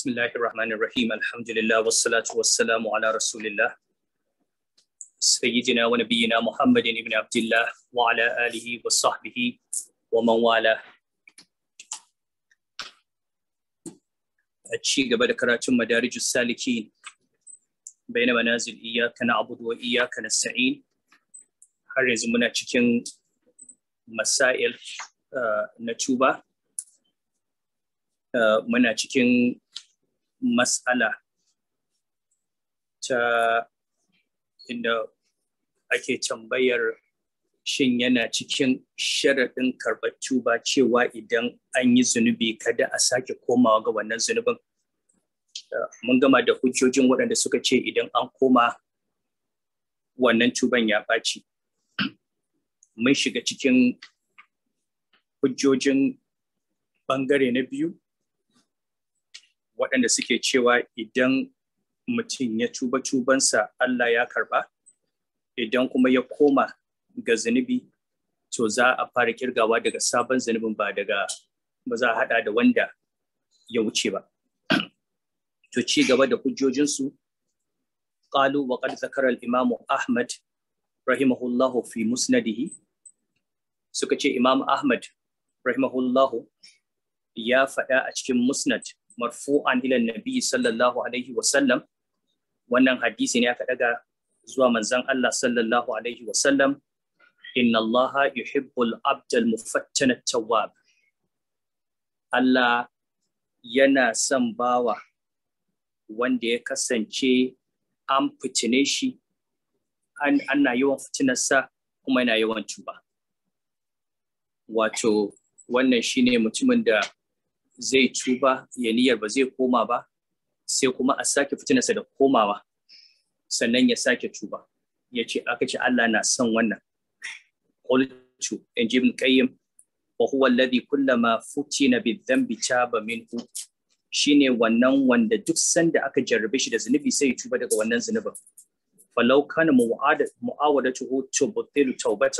Bismillahir Rahmanir Rahim. Alhamdulillah wassalatu wassalamu ala Rasulillah. Sayyidina wa nabiyyina Muhammadin ibn Abdullah wa alihi wa wa man A ci gaba da karatun madarijus salikin baina manazil iyyaka na'budu wa Har yanzu muna cikin masail uh, na tuba. Uh, muna cikin mas'ala ta inda ake tambayar shin yana cikin sharaɗin karɓar tuba cewa idan an yi zunubi kada a sake komawa ga wannan zunubin mun gama da hujjojin waɗanda suka ce idan an koma wannan tuban ya ɓaci mun shiga cikin hujjojin ɓangare na biyu waɗanda suke cewa idan mutum ya tuba tubansa Allah ya karɓa, idan kuma ya koma ga zunubi to za a fara kirgawa daga sabon zunubin ba daga ba za a hada da wanda ya wuce ba to ci gaba da hujjojinsu qalu wa qad zakara imamu ahmad rahimahullahu fi musnadihi suka ce imam ahmad rahimahullahu ya faɗa a cikin musnad marfu'an ila nabi sallallahu alaihi wa sallam. wannan hadisi ne aka daga zuwa manzon Allah sallallahu alaihi wa sallam. inna Allah yuhibbul abdal mufattan tawwab Allah yana son bawa wanda ya kasance an fitine shi an ana yawan sa kuma yana yawan tuba wato wannan shine mutumin da zai tuba ya niyyar ba zai koma ba sai kuma a sake fitinarsa da komawa sannan ya sake tuba ya ce aka ce Allah na son wannan qultu in ji ibn qayyim wa huwa alladhi kullama futina bi dhanbi taba minhu shine wannan wanda duk sanda aka jarrabe shi da zunubi sai ya tuba daga wannan zunubin falau kana mu'awadatuhu tubtilu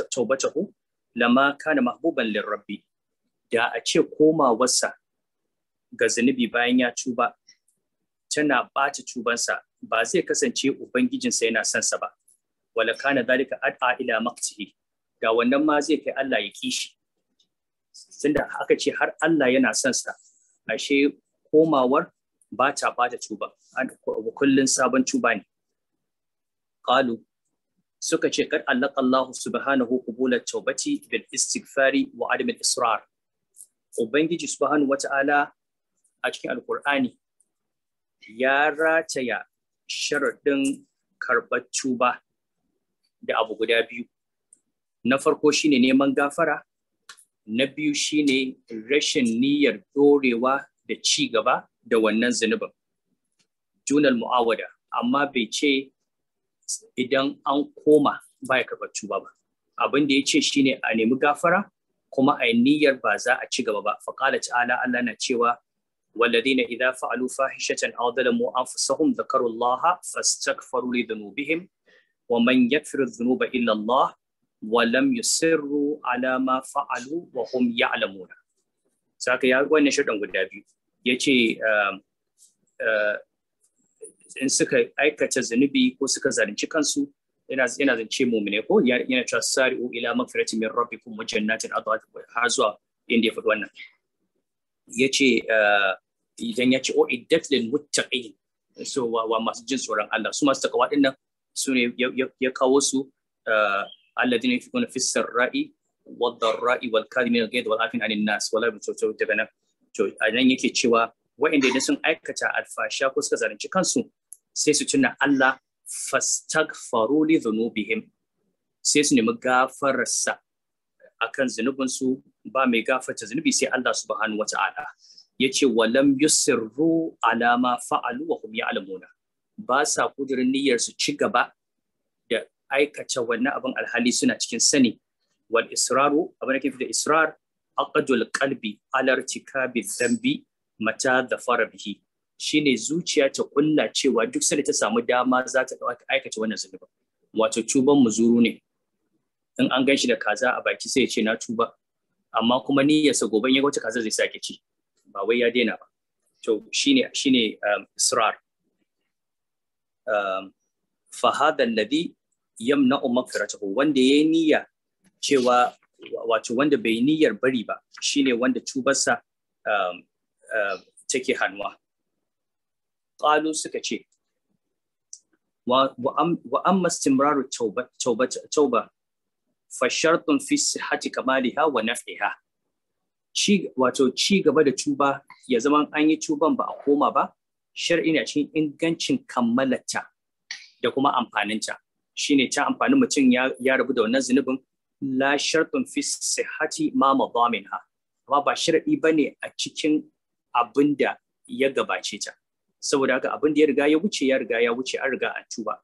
tawbatahu lama kana mahbuban lirabbi da a ce komawarsa ga zunubi bayan ya cuba tana ɓata cubansa ba zai kasance ubangijinsa yana son sa ba wala kana zalika ad'a ila maqtihi da wannan ma zai kai Allah ya kishi tunda aka ce har Allah yana son sa ashe komawar ba ta bata cuba kullun sabon cuba ne qalu suka ce kad allaka Allah subhanahu qubula Ta'ubati, bil istighfari wa adam al israr ubangiji subhanahu wata'ala a cikin alkur'ani ya rataya sharaɗin karɓar tuba da abu guda biyu na farko shine neman gafara na biyu shine rashin niyyar dorewa da ci gaba da wannan zunubin junal mu'awada amma bai ce idan an koma baya karɓar tuba ba abin da ya ce shine a nemi gafara kuma a niyyar ba za a ci gaba ba faƙala ta'ala Allah na cewa والذين إذا فعلوا فاحشة أو ظلموا أنفسهم ذكروا الله فاستغفروا لذنوبهم ومن يغفر الذنوب إلا الله ولم يصروا على ما فعلوا وهم يعلمون saka ya wannan shirɗin guda biyu ya ce in suka aikata zunubi ko suka zalunci kansu yana zance mumine ko yana cewa sari'u ila magfirati min rabbikum wa jannatin adwa har zuwa inda ya faɗi wannan yace eh, idan yace o oh, iddat lil muttaqin so wa masu jin tsoron Allah su masu takawa dinnan su ne ya kawo su eh, alladhina yunfiquna fis sarra'i wa dharra'i wal kalimi al-ghayz wal afin anin nas wala to daga nan to idan yake cewa wa'inda idan sun aikata alfasha ko suka zalunci kansu sai su tuna Allah fastagfaru li dhunubihim sai su nemi gafararsa akan zunubinsu ba mai gafarta zunubi sai Allah subhanahu wa ta'ala yace walam yusirru ala ma fa'alu wa hum ya'lamuna ba sa kudirin niyyar su ci gaba da aikata wannan abin alhali suna cikin sani wal israru abin da ke da israr aqdul qalbi ala irtikabi dhanbi mata da fara bihi shine zuciya ta kulla cewa duk sanda ta samu dama za ta aikata wannan zunuba wato tuban muzuru ne in an gan shi da kaza a baki sai ya ce na tuba amma kuma niyyarsa gobe ya wuce kaza zai sake ci ba wai ya daina ba to shine shine um, israr um, fa hada alladhi yamna'u maghfiratuhu wanda yayi niyya cewa wato wanda bai niyyar bari ba shine wanda tubarsa um, uh, take hannuwa qalu suka ce wa wa amma istimraru tauba tauba tauba fa shartun fi sihhati kamaliha wa naf'iha ci wato ci gaba da cuba ya zama an yi cuban ba a koma ba shar'i na cikin ingancin kammalarta da kuma amfaninta shine ta amfani mutum ya rabu da wannan zunubin la shartun fi sihhati ma madaminha amma ba shar'i bane a cikin abin da ya gabace ta saboda haka abin da ya riga ya wuce ya riga ya wuce an riga a tuba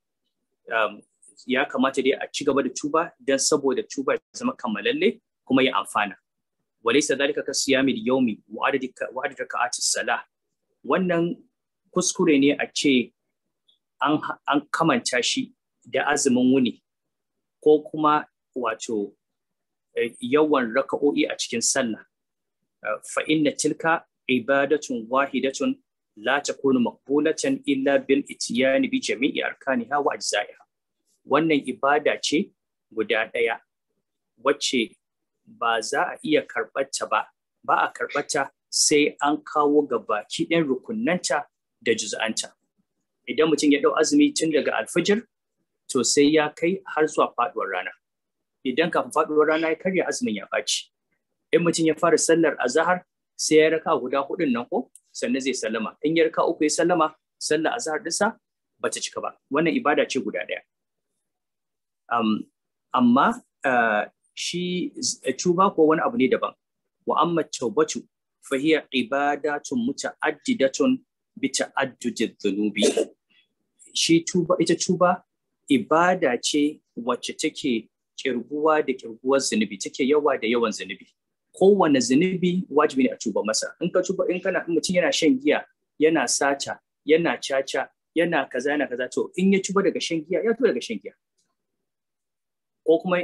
ya kamata dai a ci gaba da tuba don saboda tuba ya zama kammalalle kuma ya amfana sa zalika ka siya siyami yaumi wa adadika ka salah wannan kuskure ne a ce an, an kamanta shi da azumin wuni ko kuma wato eh, yawan raka'o'i a cikin sallah eh, fa inna tilka ibadatun wahidatun la takunu maqbulatan illa bil ityani bi jami'i arkaniha wa ajza'iha wannan ibada ce guda ɗaya wacce ba za a iya karɓarta ba ba a karɓarta sai an kawo ga baki ɗin rukunnanta da juz'anta idan mutum ya ɗau azumi tun daga alfijir to sai ya kai har zuwa faɗuwar rana idan kafin faɗuwar rana ya karya azumin ya ɓaci in mutum ya fara sallar azahar sai ya raka guda huɗun nan ko sannan zai sallama in ya raka uku ya sallama sallar azahar ɗinsa ba ta cika ba wannan ibada ce guda ɗaya amma ah, shi eh, tuba ko wani abu ne daban wa amma taubatu hiya ibadatun muta'addidatun bi ta'addudid dhunubi shi tuba ita tuba ibada ce wacce take kirguwa da kirguwar zunubi take yawa da yawan zunubi kowane zunubi wajibi ne a tuba masa in ka tuba in kana mutum yana shan giya yana sata yana caca yana kaza yana kaza to in ya tuba daga shan giya ya tuba daga shan giya ko kuma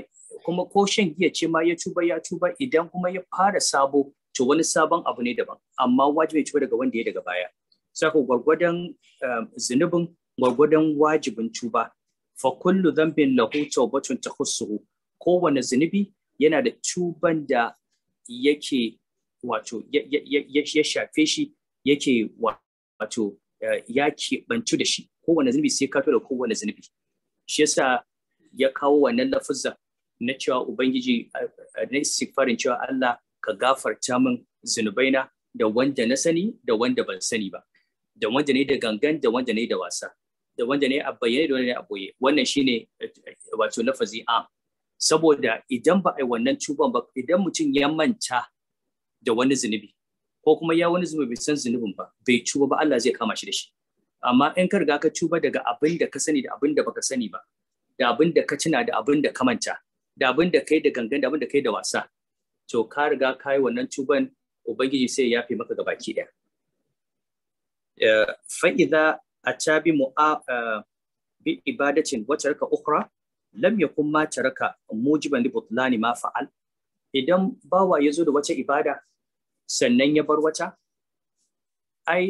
kuma ko shan giya ce ma ya cuba ya cuba idan kuma ya fara sabo to wani sabon abu ne daban amma wajibi ya cuba daga wanda ya daga baya saka gwargwadon eh, zinubin gwargwadon wajibin cuba fa kullu dhanbin lahu tawbatun tahussuhu kowane zunubi yana da cuban da yake wato ya shafe shi yake wato eh, ya bantu da shi kowane zunubi sai ka da kowane zunubi shi yasa ya kawo wannan lafuzza na cewa ubangiji na istighfarin cewa Allah ka gafarta min zunubaina da wanda na sani da wanda ban sani ba da wanda ne da gangan da wanda ne da wasa da wanda ne a bayyane da wanda ne a boye wannan shine wato lafazi a. saboda idan ba a yi wannan tuban ba idan mutum ya manta da wani zunubi ko kuma ya wani zunubi san zunubin ba bai tuba ba Allah zai kama shi da shi amma in ka riga ka tuba daga abin da ka sani da abin da baka sani ba da abin da ka cina da abin da ka manta da abin da kai da gangan da abin da kai da wasa to ka riga ka yi wannan tuban ubangiji sai ya fi maka gabaki ɗaya fa'iza a cabi a eh, bi ibadatin wacce raka ukra lam yakun ma taraka mujiban li butlani ma fa'al idan bawa ya zo da wata ibada sannan ya bar wata ai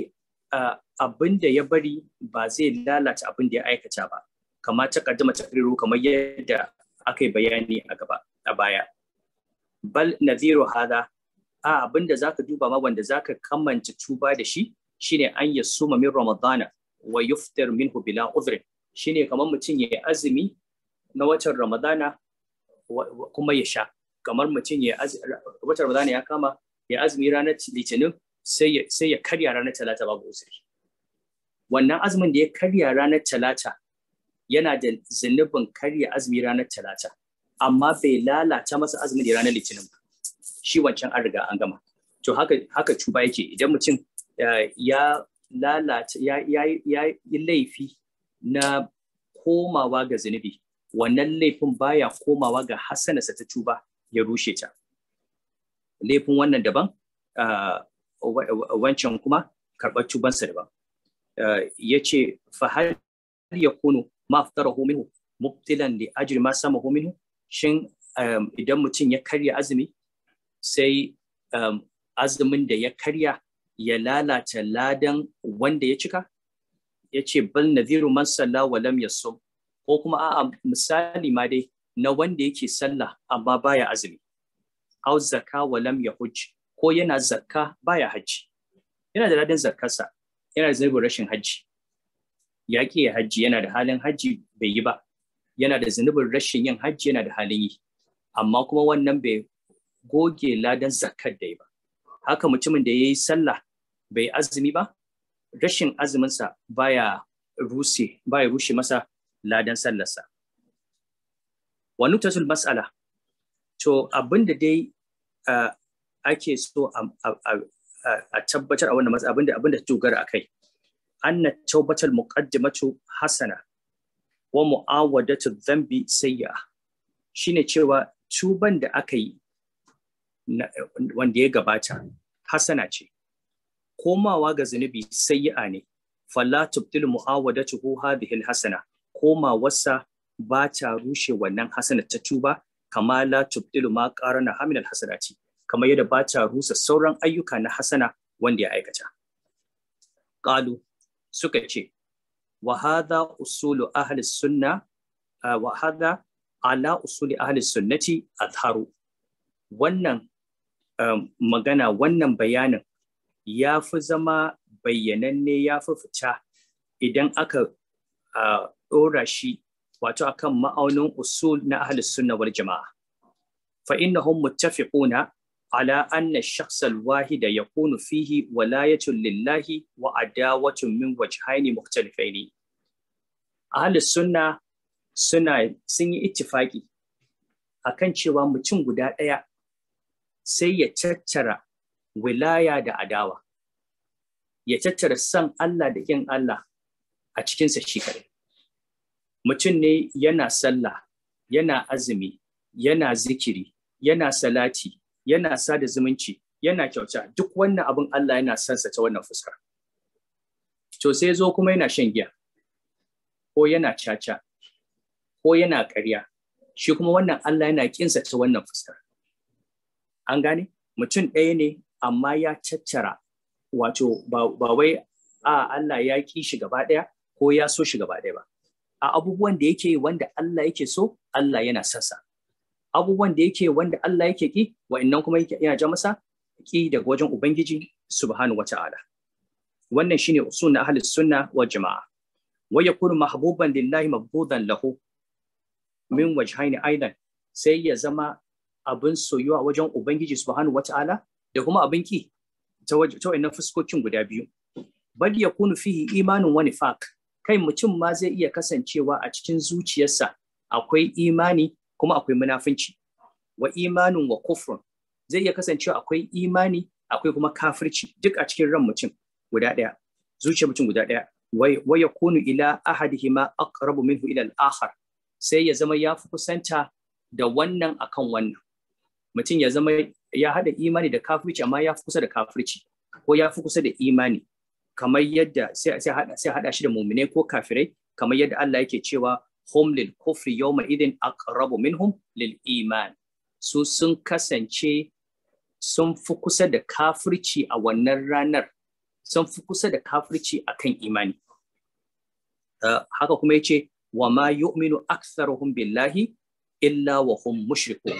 eh, abinda ya bari ba zai lalata abinda ya aikata ba kama ta kaddama takriru kamar yadda aka yi bayani a gaba a baya bal naziru hada a abinda zaka duba ma wanda zaka kammanta tuba da shi shine an yasuma min ramadana wa yuftar minhu bila udhrin shine kamar mutum ya azumi na watan ramadana kuma ya sha kamar mutum ya watan ramadana ya kama ya azumi ranar litinin sai ya karya ranar talata babu uzuri wannan azumin da ya karya ranar talata yana da zunubin karya azumi ranar talata amma bai lalata masa azumi da ranar litinin ba shi wancan an riga an gama to haka haka cuba yake idan mutum eh, ya lalata ya yi laifi na komawa ga zunubi wannan laifin baya komawa ga hassanarsa ta tuba ya rushe ta laifin wannan daban ah, wancan kuma karɓar tubansa daban eh, ya ce fahal ya kunu ma aftarahu minhu mubtilan li ajri ma samahu minhu shin um, idan mutum ya karya azumi sai um, azumin da ya karya ya lalata ladan wanda ya cika ya ce bal nadhiru man salla wa lam yasum ko kuma a'a misali ma dai na wanda yake sallah amma baya azumi aw zakka wa lam yahujj ko yana zakka baya hajji yana da ladan zakkarsa yana da zunubin rashin hajji ya ke hajji yana da halin hajji bai yi ba yana da zunubin rashin yin hajji yana da halin yi amma kuma wannan bai goge ladan zakat da yi ba haka mutumin da ya yi sallah bai azumi ba rashin azuminsa baya rushe baya rushe masa ladan sallarsa wa nutatul matsala. to abinda dai ah, ake so a tabbatar a wannan abinda abinda dogara kai. أن التوبة المقدمة حسنة ومعاودة الذنب سيئة shine cewa tuban da aka yi wanda ya gabata Hassana ce komawa ga zunubi sayyi'a ne falla tubtil mu'awadatuhu hadhihi alhasana komawarsa ba ta rushe wannan hasanar ta tuba kama ma tubtilu ma qarana hamil alhasanati kamar yadda ba ta rusa sauran ayyuka na Hassana wanda ya aikata qalu suka ce wa usulu ahli sunna wa ala usuli ahli sunnati azharu wannan magana wannan bayanin ya fi zama bayyananne ya fi fita idan aka ɗora shi wato akan ma'aunin usul na ahli sunna wal jama'a fa innahum muttafiquna ala anna shakhs al-wahida yakunu fihi walayatun lillahi wa adawatun min wajhaini mukhtalifaini ahli sunna suna sun yi ittifaki akan cewa mutum guda ɗaya sai ya tattara wilaya da adawa ya tattara san Allah da kin Allah a cikinsa shi mutum ne yana sallah yana azumi yana zikiri yana salati yana sa da zumunci yana kyauta duk wannan abin Allah yana son sa ta wannan fuskar. to sai zo kuma yana shan giya ko yana caca ko yana ƙarya shi kuma wannan Allah yana kinsa ta wannan fuskar. an gane mutum ɗaya ne amma ya caccara wato ba wai a Allah ya ki shi gaba ɗaya ko ya so shi gaba ɗaya ba a abubuwan da yake wanda Allah yake so Allah yana sassa abubuwan da yake wanda Allah yake ki wa'annan kuma yake yana ja masa ki daga wajen ubangiji subhanahu wata'ala wannan shine usulun ahli sunna wa jama'a wa yakunu mahbuban lillahi Ma'budan lahu min wajhaini aidan sai ya zama abin soyuwa wajen ubangiji subhanahu wata'ala da kuma abin ki ta wa'annan fuskokin guda biyu bal yakunu fihi imanun wa nifaq kai mutum ma zai iya kasancewa a cikin zuciyarsa akwai imani kuma akwai munafunci, wa imanin wa kufrun zai iya kasancewa akwai imani akwai kuma kafirci duk a cikin ran mutum guda ɗaya zuciyar mutum guda ɗaya wa yakunu ila ahadihima aqrabu minhu ila al-akhar sai ya zama ya fi kusanta da wannan akan wannan mutum ya zama ya hada imani da kafirci amma ya fi kusa da kafirci ko ya fi kusa da imani kamar yadda sai hada shi da muminai ko kafirai kamar yadda Allah yake cewa hum lil kufri yawma idin aqrabu minhum lil iman su sun kasance sun fi kusa da kafirci a wannan ranar sun fi kusa da kafirci akan imani haka kuma yace wa ma yu'minu aktharuhum billahi illa wa hum mushrikun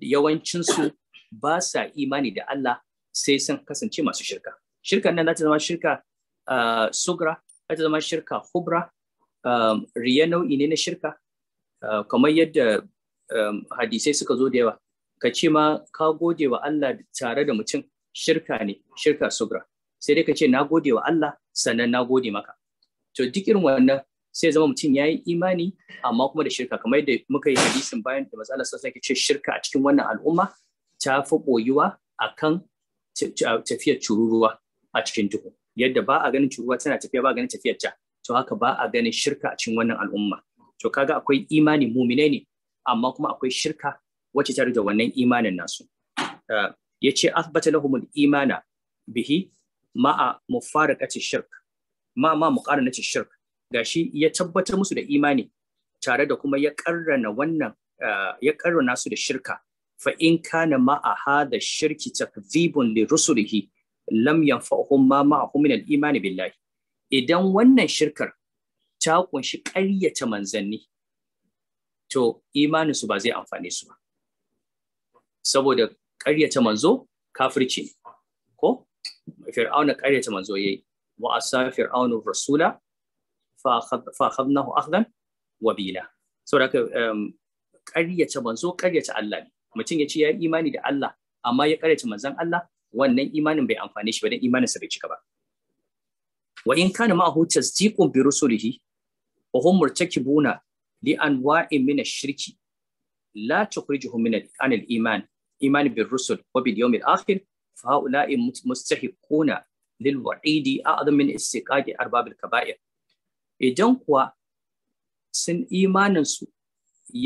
yawancin su ba sa imani da Allah sai sun kasance masu shirka shirka nan za ta zama shirka ah, sugra za ta zama shirka hubra um, riya nau'i ne na shirka uh, kamar yadda um, hadisai suka zo da yawa ka ce ma ka gode wa Allah tare da mutum shirka ne shirka sugra sai dai ka ce na gode wa Allah sannan na gode maka to duk irin wannan sai zama mutum ya yi imani amma kuma da shirka kamar yadda muka yi hadisin bayan da matsalar sassan ke ce shirka a cikin wannan al'umma ta fi boyuwa akan tafiyar cururuwa a cikin duhu yadda ba a ganin cururuwa tana tafiya ba a ganin tafiyar ta to haka ba a ganin shirka a cikin wannan al'umma to kaga akwai imani muminai ne amma kuma akwai shirka wacce ta da wannan imanin nasu eh, ya ce asbata lahumul imana bihi ma'a mufaraqati shirk ma ma muqaranati shirk gashi ya tabbatar musu da imani tare da kuma ya karrana wannan eh, ya karrana su da shirka fa in kana ma'a hada shirki takdhibun li rusulihi lam yanfa'uhum ma ma'ahum min al-imani billahi idan wannan shirkar ta kunshi ƙaryata manzanni to imaninsu ba zai amfane su ba saboda ƙaryata manzo kafirci ne ko fir'auna ƙaryata manzo yayi wa asa fir'aunu rasula fa akhadnahu akhdan wabila saboda ka ƙaryata manzo ƙaryata Allah ne mutum ya ce ya imani da Allah amma ya ƙaryata manzan Allah wannan imanin bai amfane shi ba dan imaninsa bai cika ba wa in kana ma'ahu tasdiqun bi rusulihi wa hum murtakibuna li anwa'in min ash-shirki la tukhrijuhum min al-iman iman bil rusul wa bil yawmil akhir fa ha'ula'i mustahiquna lil wa'idi a'zam min istiqaqi arbab al-kaba'ir idan kuwa sun imanin su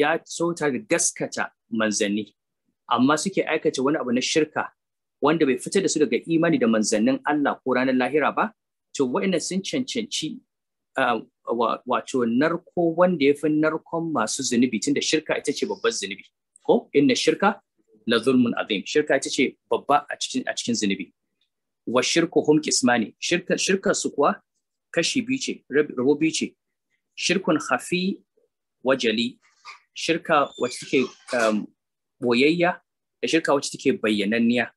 ya tsota gaskata manzanni amma suke aikata wani abu na shirka wanda bai fitar da su daga imani da manzannin Allah ko ranar lahira ba to waina sun cancanci wato narko wanda ya fi narkon masu zunubi tunda shirka ita ce babbar zunubi ko inna shirka la zulmun azim shirka ita ce babba a cikin a cikin zunubi wa shirku hum kismani shirka shirka su kuwa kashi biyu ce rabo biyu ce shirkun hafi wa jali shirka wacce take um, boyayya da shirka wacce take bayyananniya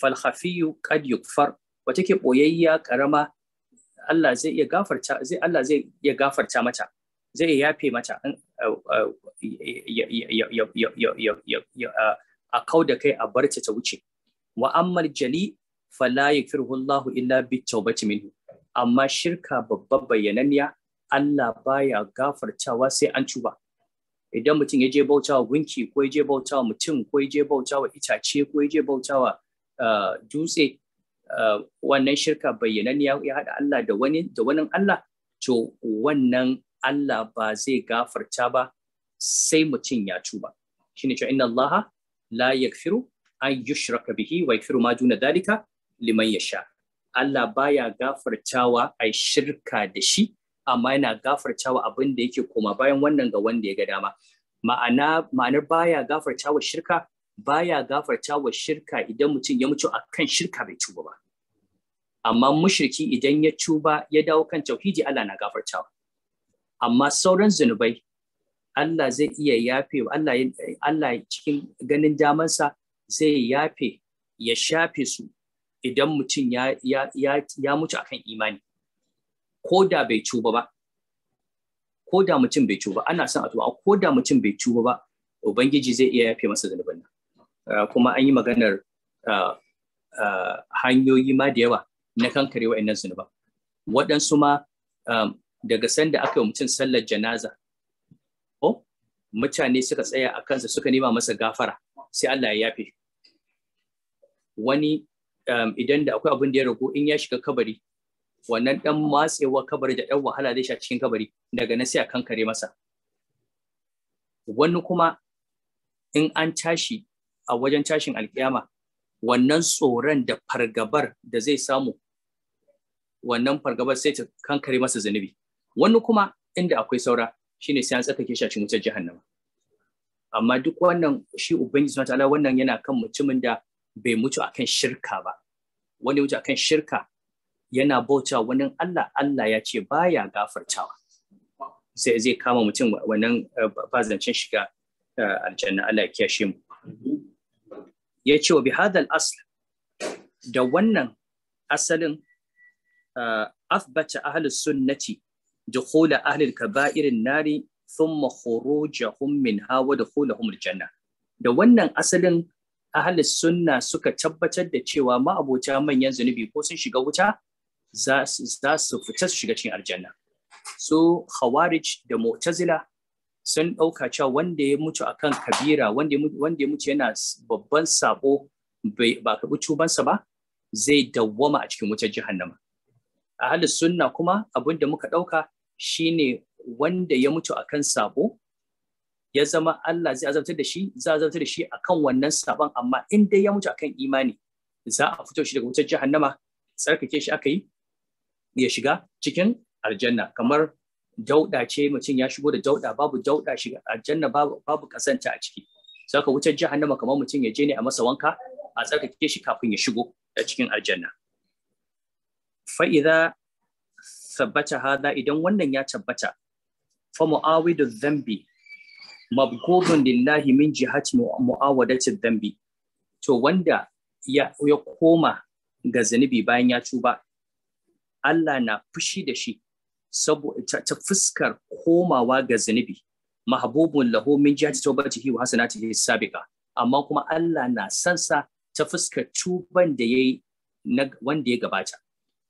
fal khafiyu qad yukfar wata ke ɓoyayya ƙarama Allah zai iya gafarta zai Allah zai iya gafarta mata zai iya yafe mata a kau da kai a barta ta wuce wa ammal jali fala yakfirhu Allah illa bi tawbati minhu amma shirka babban bayyananniya Allah baya gafartawa sai an tuba idan mutum ya je bautawa gunki ko ya je bautawa mutum ko ya je bautawa itace ko ya je bautawa uh, dutse wannan shirka bayyanan ya haɗa Allah da wani da wani Allah to wannan Allah ba zai gafarta ba sai mutum ya tuba shine cewa inna Allah la yakfiru an yushraka bihi wa yakfiru ma duna dalika liman yasha Allah baya gafartawa ai shirka da shi amma yana gafartawa abin da yake koma bayan wannan ga wanda ya ga dama ma'ana ma'anar baya gafartawa shirka baya gafarta wa shirka idan mutum ya mutu akan shirka bai tuba ba amma mushriki idan ya tuba ya dawo kan tauhidi Allah na gafartawa amma sauran zunubai Allah zai iya yafe Allah Allah cikin ganin damansa zai yafe ya shafe su idan mutum ya, ya, ya, ya mutu akan imani ko da bai tuba ba ko da mutum bai tuba ana son a tuba ko da mutum bai tuba ba ubangiji zai iya yafe masa zanubin nan Eh, kuma an yi maganar eh, eh, hanyoyi ma da yawa na kankare wa'annan zunuba waɗansu ma daga sanda aka yi mutum sallar janaza mutane suka tsaya a kansa suka nema masa gafara sai Allah ya yafe wani idan da akwai abin da ya ragu in ya shiga kabari wannan ɗan matsewa kabari da ɗan wahala zai sha cikin kabari daga nan sai a kankare masa wani kuma in an tashi a wajen tashin alkiyama wannan tsoron da fargabar da zai samu wannan fargabar sai ta kankare masa zunubi wani kuma inda akwai saura shine sai an tsakake shi a cikin wutar jahannama amma duk wannan shi ubangiji subhanahu ta'ala wannan yana kan mutumin da bai mutu akan shirka ba wani mutu akan shirka yana bauta wani Allah Allah ya ce baya gafartawa sai zai kama mutum wannan eh, bazancin shiga eh, aljanna Allah ya kiyashe mu ya ce wa bihadal asl da wannan asalin ah, afbata ahlus sunnati dukhula ahlil kaba'irin nari thumma khurujahum da wa humul aljanna da wannan asalin ahlus sunna suka tabbatar da cewa ma'abota manyan zunubi ko sun shiga wuta za su fita su shiga cikin aljanna so khawarij da mu'tazila sun ɗauka cewa wanda ya mutu akan kabira wanda ya mutu yana babban sabo ba karɓi cubansa ba zai dawwama a cikin wutar jihannama. a halin sunna kuma abin da muka ɗauka shine wanda ya mutu akan sabo ya zama Allah zai azabtar da shi za azabtar da shi akan wannan sabon amma in dai ya mutu akan imani za a fito shi daga wutar nama tsarkake shi aka yi ya shiga cikin aljanna kamar dauda ce mutum ya shigo da dauda babu dauda shiga aljanna babu babu kasanta a ciki saka wutar jahannama kamar mutum ya je ne a masa wanka a tsarkake shi kafin ya shigo a cikin aljanna fa idza tabbata hada idan wannan ya tabbata fa muawidu dhanbi mabghudun lillahi min jihati muawadati dhanbi to wanda ya, ya koma ga zunubi bayan ya tuba Allah na fushi da shi ta fuskar komawa ga zunubi mahabubun lahu min jihati tawbatihi wa hasanatihi sabiqa amma kuma Allah na san sa ta fuskar tuban da yayi wanda ya gabata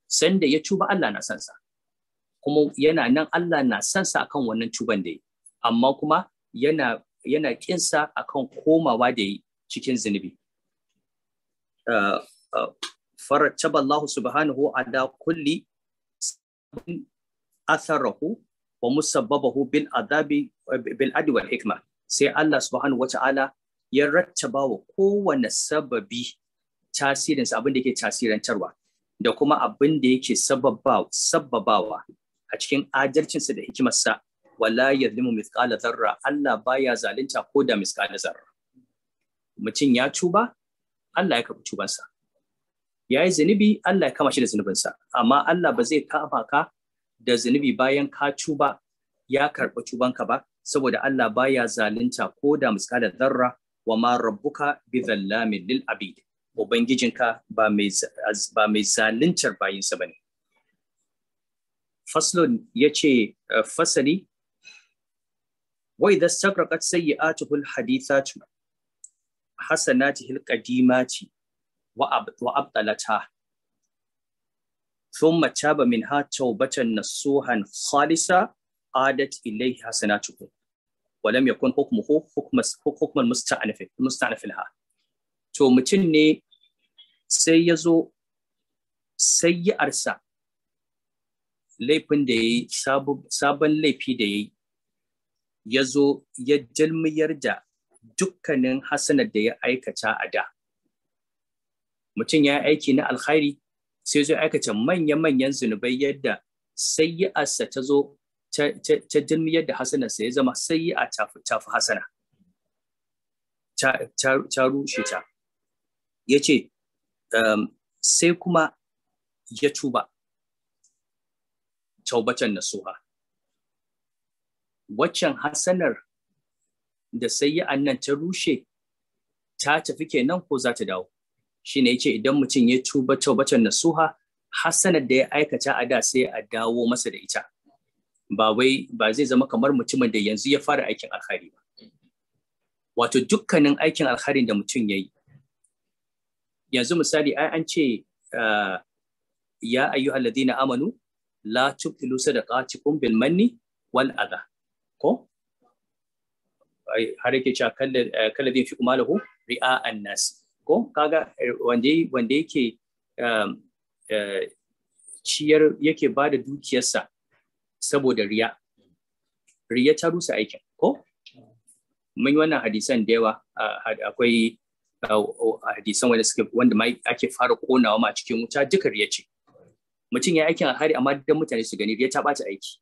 sanda ya tuba Allah na san kuma yana nan Allah na san sa akan wannan tuban da yayi amma kuma yana yana kinsa akan komawa da yayi cikin zunubi uh, uh, Allah subhanahu ala kulli atharahu wa musabbabahu bil adabi bil adi wal hikma sai Allah subhanahu wata'ala ya rattaba wa kowane sababi tasirinsa abin da yake tasirantarwa da kuma abin da yake sababawa a cikin adalcinsa da hikimarsa wala yadlimu mithqala zarra Allah baya zalunta ko da mithqala zarra mutum ya tuba Allah ya karɓi tubansa ya yi zunubi Allah ya kama shi da zunubinsa amma Allah ba zai kama ka da zunubi bayan ka cuba ya karɓi cubanka ba saboda Allah baya zalunta ko da miskala zarra wa ma rabbuka bi zallamin lil abid ubangijinka ba mai ba mai zaluntar bayinsa bane faslun yace eh, fasali wa idza sagraqat sayyi'atuhu al hadithatu hasanatihi qadimati wa abtalata ثم تاب منها توبة نصوحا خالصة عادت إليه حسناته ولم يكن حكمه حكم حكم المستعنف المستعنف لها to mutum ne sai ya zo sai ya arsa laifin da ya yi sabon laifi da ya yi ya zo ya jalmiyar da dukkanin hasanar da ya aikata a da mutum ya yi aiki na alkhairi sai zo aikata manya-manyan zunubai yadda asa ta zo ta dilmiyar da hasanarsa ya zama sai yi a tafi hasana ta rushe ta ya ce um, sai kuma ya tuba taubatan nasuha waccan hasanar da yi nan ta rushe ta tafi kenan ko za ta dawo shine yake idan mutum ya tuba taubatan nasuha hasanar da ya aikata a da sai a dawo masa da ita ba wai ba zai zama kamar mutumin da yanzu ya fara aikin alkhari ba wato dukkanin aikin alkhari da mutum ya yi yanzu misali ai an ce ya ayyu ladina amanu la tubtilu sadaqatikum bil manni wal adha ko har yake cewa kalladin fi kumalahu ri'a an nasi ko kaga eh, wanda yake um, eh, ciyar yake ba da dukiyarsa saboda riya riya ta rusa aikin ko mun wannan hadisan da yawa akwai hadisan wanda suke wanda mai ake fara konawa ma cikin wuta duka riya ce mutum ya aikin alhari amma dan mutane su gani riya ta bata aiki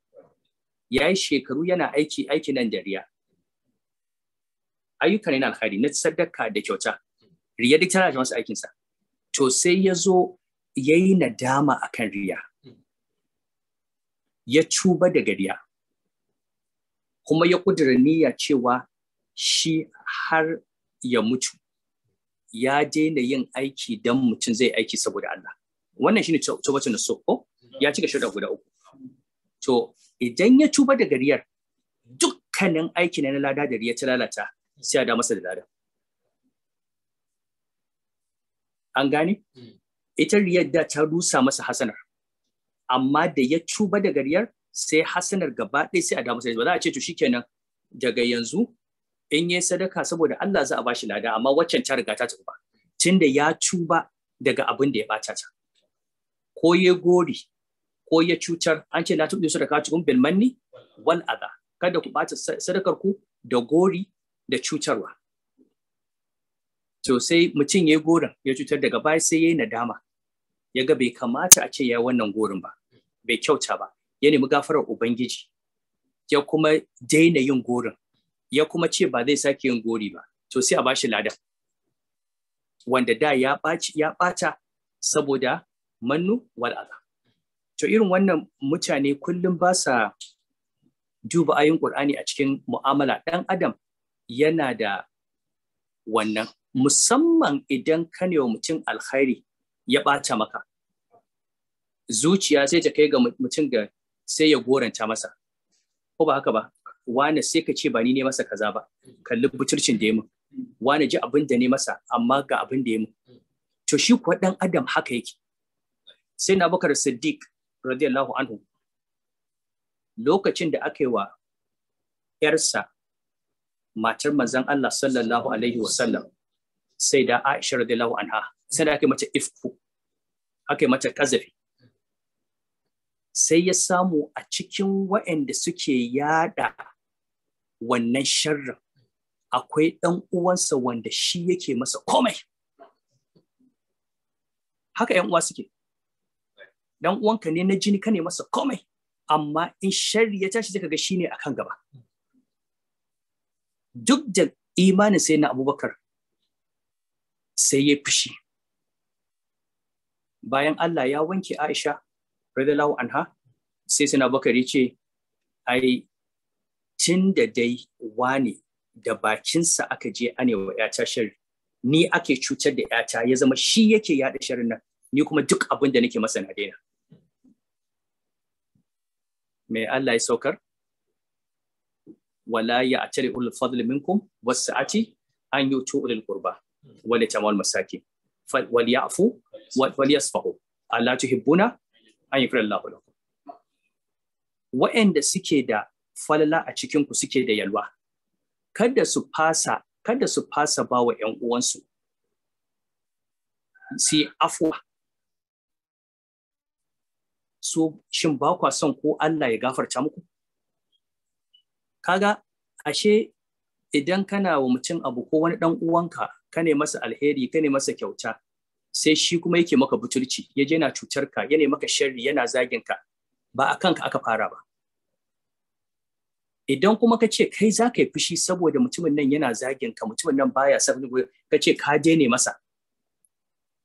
ya yi shekaru yana aiki aiki nan da riya ayyukan yana alhari na sadaka da kyauta riya duk tana da masa aikinsa to sai ya zo ya yi nadama a kan riya ya cuba daga riya kuma ya ƙudura niyya cewa shi har ya mutu ya daina yin aiki don mutum zai aiki saboda Allah wannan shine tubatu na so. ya cika shirya guda uku to idan ya tuba daga riyar dukkanin aiki na lada da riya ta lalata sai a da masa da lada an gane hmm. ita riyar da ta rusa masa hasanar amma da ya cuba daga riyar sai hasanar gaba ɗaya sai a damu sai ba za a ce to shikenan daga yanzu in yi sadaka saboda Allah za a bashi lada amma waccan ta riga ta tuba ba tunda ya cuba daga abin da ya bata ta ko ya gori ko ya cutar an ce na tuɓe sadaka cikin bilmanni wal kada ku bata sadakar ku da gori da cutarwa so sai mutum ya yi goron ya cutar daga baya sai ya yi nadama ya ga bai kamata a ce ya yi wannan gorin ba bai kyauta ba ya nemi gafarar ubangiji ya kuma daina yin gorin ya kuma ce ba zai sake yin gori ba to sai a bashi ladan wanda da ya ɓaci ya ɓata saboda mannu wal'ala to irin wannan mutane kullum ba sa duba ayin ƙur'ani a cikin mu'amala dan adam yana da wannan musamman idan ka ne wa mutum alkhairi ya ɓata maka zuciya sai ta kai ga mutum ga sai ya goranta masa ko ba haka ba wane sai ka ce ba ni ne masa kaza ba kalli butulcin da ya mun wane ji abin da ne masa amma ga abin da ya mun to shi kuwa dan adam haka yake sai na bakar siddiq radiyallahu anhu lokacin da aka yi wa yarsa matar manzon Allah sallallahu alaihi wasallam sai da Aisha radiyallahu anha sai da aka mata ifku aka mata kazafi sai ya samu a cikin waɗanda suke yada wannan sharrin akwai ɗan uwansa wanda shi yake masa komai haka ‘yan uwa suke ɗan uwanka ne na jini ka ne masa komai amma in sharri ya tashi ga shi ne a kan gaba duk da imanin sai na abubakar sai ya fushi bayan Allah ya wanke Aisha radiyallahu anha sai suna bakari ce ai tun da dai wani da bakinsa aka je ane wa ‘yata shari ni ake cutar da ‘yata ya zama shi yake yaɗa shari nan ni kuma duk abin da nake masa na daina mai Allah ya saukar wala ya atari ulul fadl minkum wasa'ati an yutu ulul qurba wal yatamal masakin wal ya'fu wal yasfahu Allah tuhibbuna an yakra Allahu lakum wa'anda suke da falala a cikin ku suke da yalwa kada su fasa kada su fasa ba wa ƴan uwansu si afwa so shin ba kwa son ko Allah ya gafarta muku kaga ashe idan kana wa mutum abu ko wani dan uwanka ka ne masa alheri ka ne masa kyauta sai shi kuma yake maka butulci ya je yana cutar ka yana maka sharri yana zagin ka ba a kanka aka fara ba idan kuma ka ce kai za ka yi fushi saboda mutumin nan yana zagin ka mutumin nan baya son ka ce ka daina masa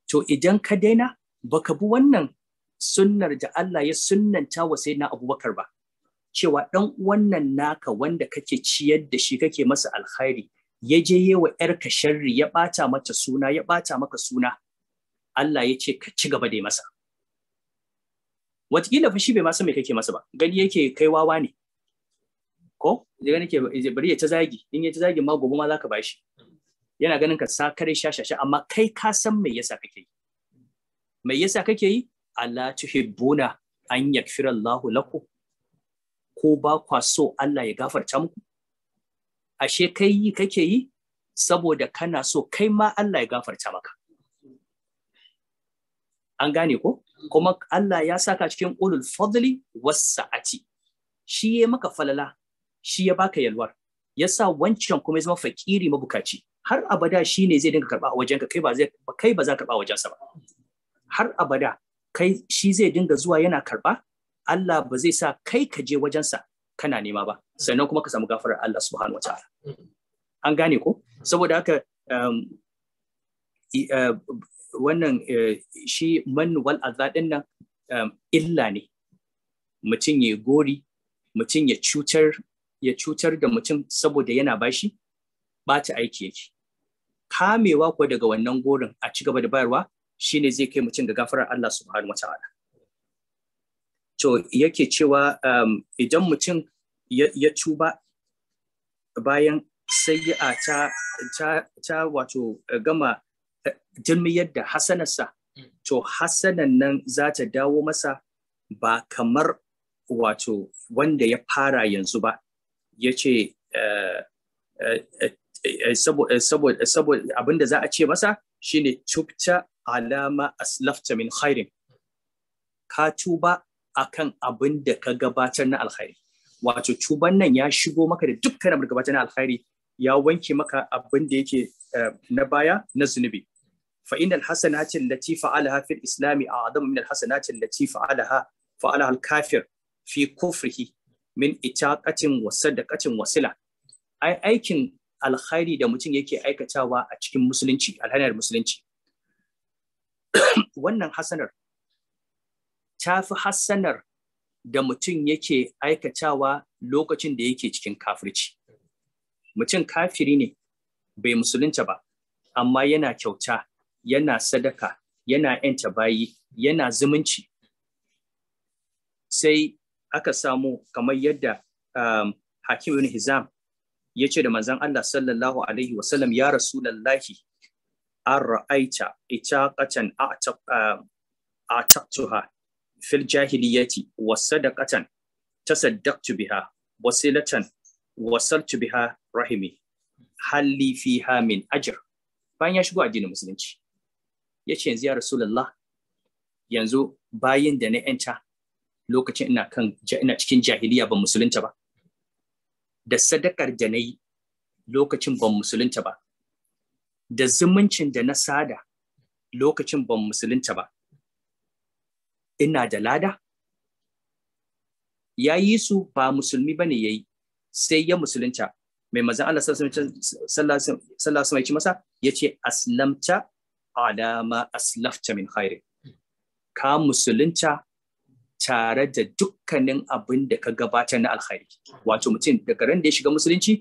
to idan ka daina baka bi wannan sunnar da Allah ya sunnanta wa sai Abubakar ba cewa dan wannan naka wanda kake ciyar da shi kake masa alkhairi ya je yi wa ‘yarka sharri ya ɓata mata suna ya ɓata maka suna Allah ya ce ka ci gaba da masa wataƙila fa shi bai masa mai kake masa ba gani yake kai wawa ne ko gani ke bari ya ta zagi in ya ta zagi ma gobe ma za ka bashi yana ganin ka sa kare shashasha amma kai ka san me yasa kake yi me yasa kake yi Allah tuhibbuna an yakfira Allahu lakum ko ba kwa so Allah ya gafarta muku ashe kai yi kake yi saboda kana so kai ma Allah ya gafarta maka an gane ko kuma Allah ya saka cikin ulul fadli wasa'ati shi ya maka falala shi ya baka yalwar ya sa wancan kuma ya zama fakiri mabukaci har abada shi ne zai dinga karba a wajenka kai ba zai kai ba karba a wajensa ba har abada kai shi zai dinga zuwa yana karɓa Allah ba zai sa kai ka je wajensa kana nema ba sannan kuma ka samu gafarar Allah subhanahu wataala an gane ko saboda haka um, uh, wannan uh, shi man wal azadin nan um, illa ne mutum ya gori mutum ya cutar ya cutar da mutum saboda yana bashi ɓata aiki yake kamewa ko daga wannan gorin a ci gaba da bayarwa shine zai kai mutum ga gafarar Allah subhanahu wataala to yake cewa um, idan mutum ya tuba bayan sayi'a ta, a ta wato gama eh, jirmiyar da hasanarsa mm. to hasanan nan za ta dawo masa ba kamar wato wanda ya fara yanzu ba ya ce eh, eh, abin abinda za a ce masa shine tubta alama aslafta min khairin ka tuba akan abin da ka gabatar na alkhairi wato tuban nan ya shigo maka da dukkan abin da gabatar na alkhairi ya wanke maka abin da yake eh, na baya na zunubi fa innal hasanati allati fa'alaha fil islami a'zamu min al allati fa'alaha fa'alaha al kafir fi kufrihi min itaqatin wa sadaqatin wasila ai aikin alkhairi da mutum yake aikatawa a cikin musulunci alhanar musulunci wannan hasanar ta fi hassanar da mutum yake aikatawa lokacin da yake cikin kafirci. Mutum kafiri ne bai musulunta ba, amma yana kyauta, yana sadaka, yana ‘yanta bayi, yana zumunci. Sai aka samu kamar yadda um, Hakim bin Hizam ya ce da manzan Allah sallallahu Alaihi wasallam ya Rasulallahi an ra'aita ita ƙatan a um, fil jahiliyati wa sadaqatan tasaddaqtu biha wasilatan wasaltu biha rahimi halli fiha min ajr bayan ya shigo addinin musulunci yace yanzu ya rasulullah yanzu bayin da na yanta lokacin ina kan ina cikin jahiliya ban musulunta ba da sadakar da na yi lokacin ban musulunta ba da zumuncin da na sada lokacin ban musulunta ba ina da lada ya yi su ba musulmi bane yayi sai ya musulunta mai mazan Allah sallallahu alaihi ya ci masa yace aslamta ala ma aslafta min khairin ka musulunta tare da dukkanin abin da ka gabatar na alkhairi wato mutum daga ran da ya shiga musulunci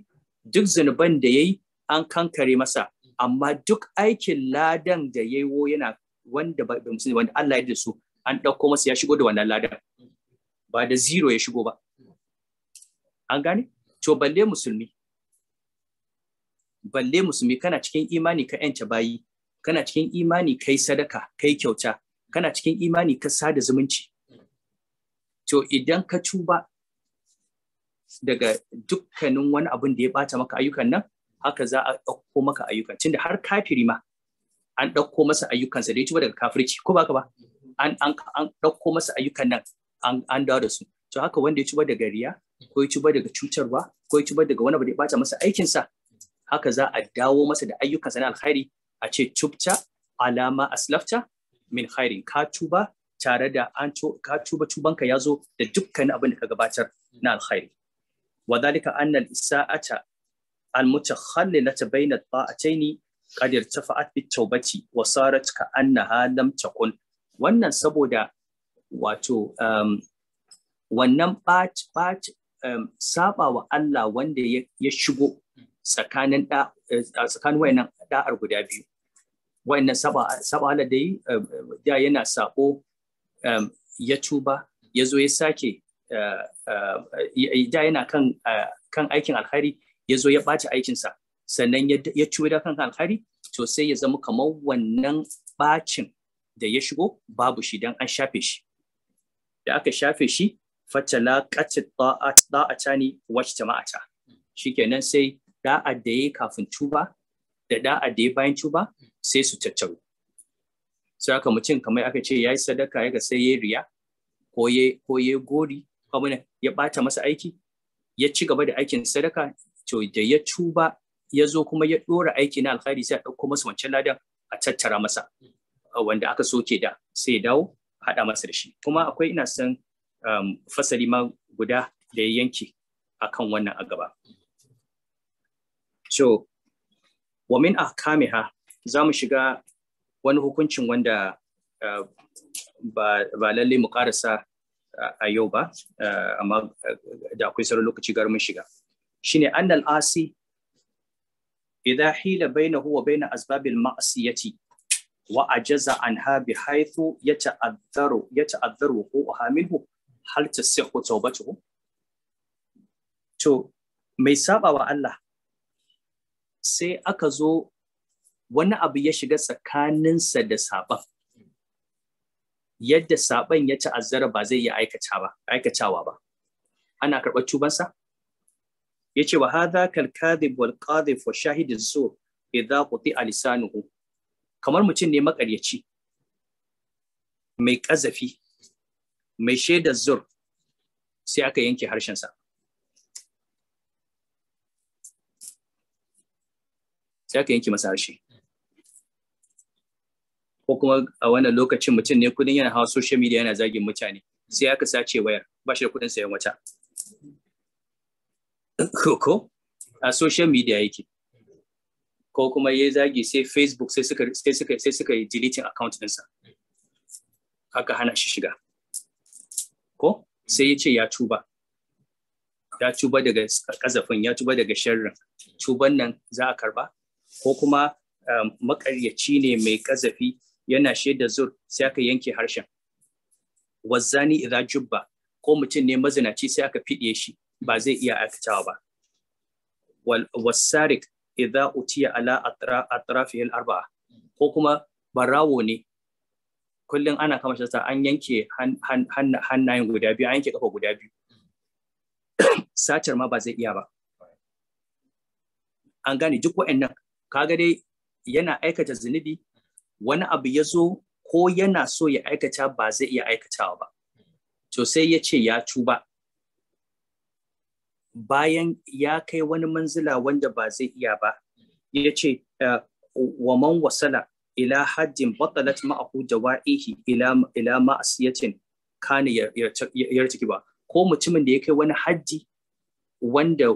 duk zunuban da yayi an kankare masa amma duk aikin ladan da yayi wo yana wanda ba musulmi wanda Allah ya da su an ɗauko masa ya shigo da wannan ladan ba da zero ya shigo ba an gane to balle musulmi balle musulmi kana cikin imani ka yance bayi kana cikin imani kai sadaka kai kyauta kana cikin imani ka sada zumunci to idan ka tuba daga dukkanin wani abin da ya bata maka ayyukan nan haka za a ɗauko maka ayyukan tunda har kafiri ma an ɗauko masa ayyukansa da ya tuba daga kafirci ko baka ba an ɗauko masa ayyukan nan an dawo da su to haka wanda ya cuba daga riya ko ya cuba daga cutarwa ko ya cuba daga wani abu da ya bata masa aikinsa haka za a dawo masa da ayyukansa na alkhairi a ce tubta alama aslafta min khairin ka tuba tare da an ka tuba tubanka ya zo da dukkan abin da ka gabatar na alkhairi wa dalika anna al-isa'ata al-mutakhallilata bayna at-ta'ataini qad irtafa'at bit-tawbati wa sarat ka annaha lam takun wannan saboda wato um, wannan um, saba wa Allah wanda ya shigo tsakanin eh, tsakanin wayannan da'ar guda biyu wayannan saba saba Allah da yi um, da yana sako um, ya tuba ya zo ya sake uh, uh, da yana kan uh, kan aikin alhari ya zo ya ɓaci aikinsa sannan ya ciwo da kan alhari to sai ya zama kamar wannan bacin da ya shigo babu shi dan an shafe shi da aka shafe shi fatala qatat wacce da'atani wajtama'ata shikenan sai da'ar da yayi kafin tuba da da'ar da ya bayan tuba sai su tattaru sai aka mutum kamar aka ce yayi sadaka yaga sai yayi riya ko yayi ko yayi gori kamar ya bata masa aiki ya ci gaba da aikin sadaka to da ya tuba ya zo kuma ya dora aiki na alkhairi sai a dauko masa wancan ladan a tattara masa wanda aka soke da sai dawo haɗa masa da shi kuma akwai ina son um, fasali ma guda da ya yanke akan wannan a gaba so wa min ahkamiha za mu shiga wani hukuncin wanda uh, ba, ba lalle mu karasa a yau ba uh, amma uh, da akwai sauran lokaci gar mun shiga shine annal asi idha hila bainahu wa bain asbabil ma'siyati wa ajaza anha bi ya yata'adharu yata'adharu wuquha minhu hal ta sai tasihhu tawbatuhu to mai saba wa Allah sai aka zo wani abu ya shiga tsakaninsa da saban yadda saban ya ta'azzara ba zai yi aikatawa ba ana karɓar tubansa yace wa hadha kal kadhib wal qadhif wa shahid az-zur idha quti lisanuhu kamar mutum ne makaryaci mai ƙazafi mai shaidar zur sai aka yanke harshensa sai aka yanke masa harshe ko kuma a wannan lokacin mutum ne kudin yana hawa social media yana zagin mutane sai aka sace wayar ba shi da kudin sayan wata ko a social media yake ko kuma ya zagi sai facebook sai suka sai suka sai suka yi deleting account ɗinsa aka hana shi shiga ko sai ya ce ya tuba ya tuba daga kazafin ya tuba daga sharrin tuban nan za a karba ko kuma um, makaryaci ne mai kazafi yana shaida zur sai aka yanke harshen wazzani idza jubba ko mutum ne mazinaci sai aka fiɗe shi ba zai iya aikatawa ba wasarik idza utiya ala atrafi al arba'a ko kuma barawo ne kullum ana kama shi an yanke hannayen guda biyu an yanke kafa guda biyu satar ma ba zai iya ba an gane duk wa'annan kaga dai yana aikata zunubi wani abu ya zo ko yana so ya aikata ba zai iya aikatawa ba to sai ya ce ya tuba bayan ya kai wani manzila wanda ba zai iya ba ya ce eh, wa man wasala ila haddin batalat ma'ahu dawa'ihi ila ila ma'asiyatin ya ciki ba ko mutumin da ya kai wani haddi wanda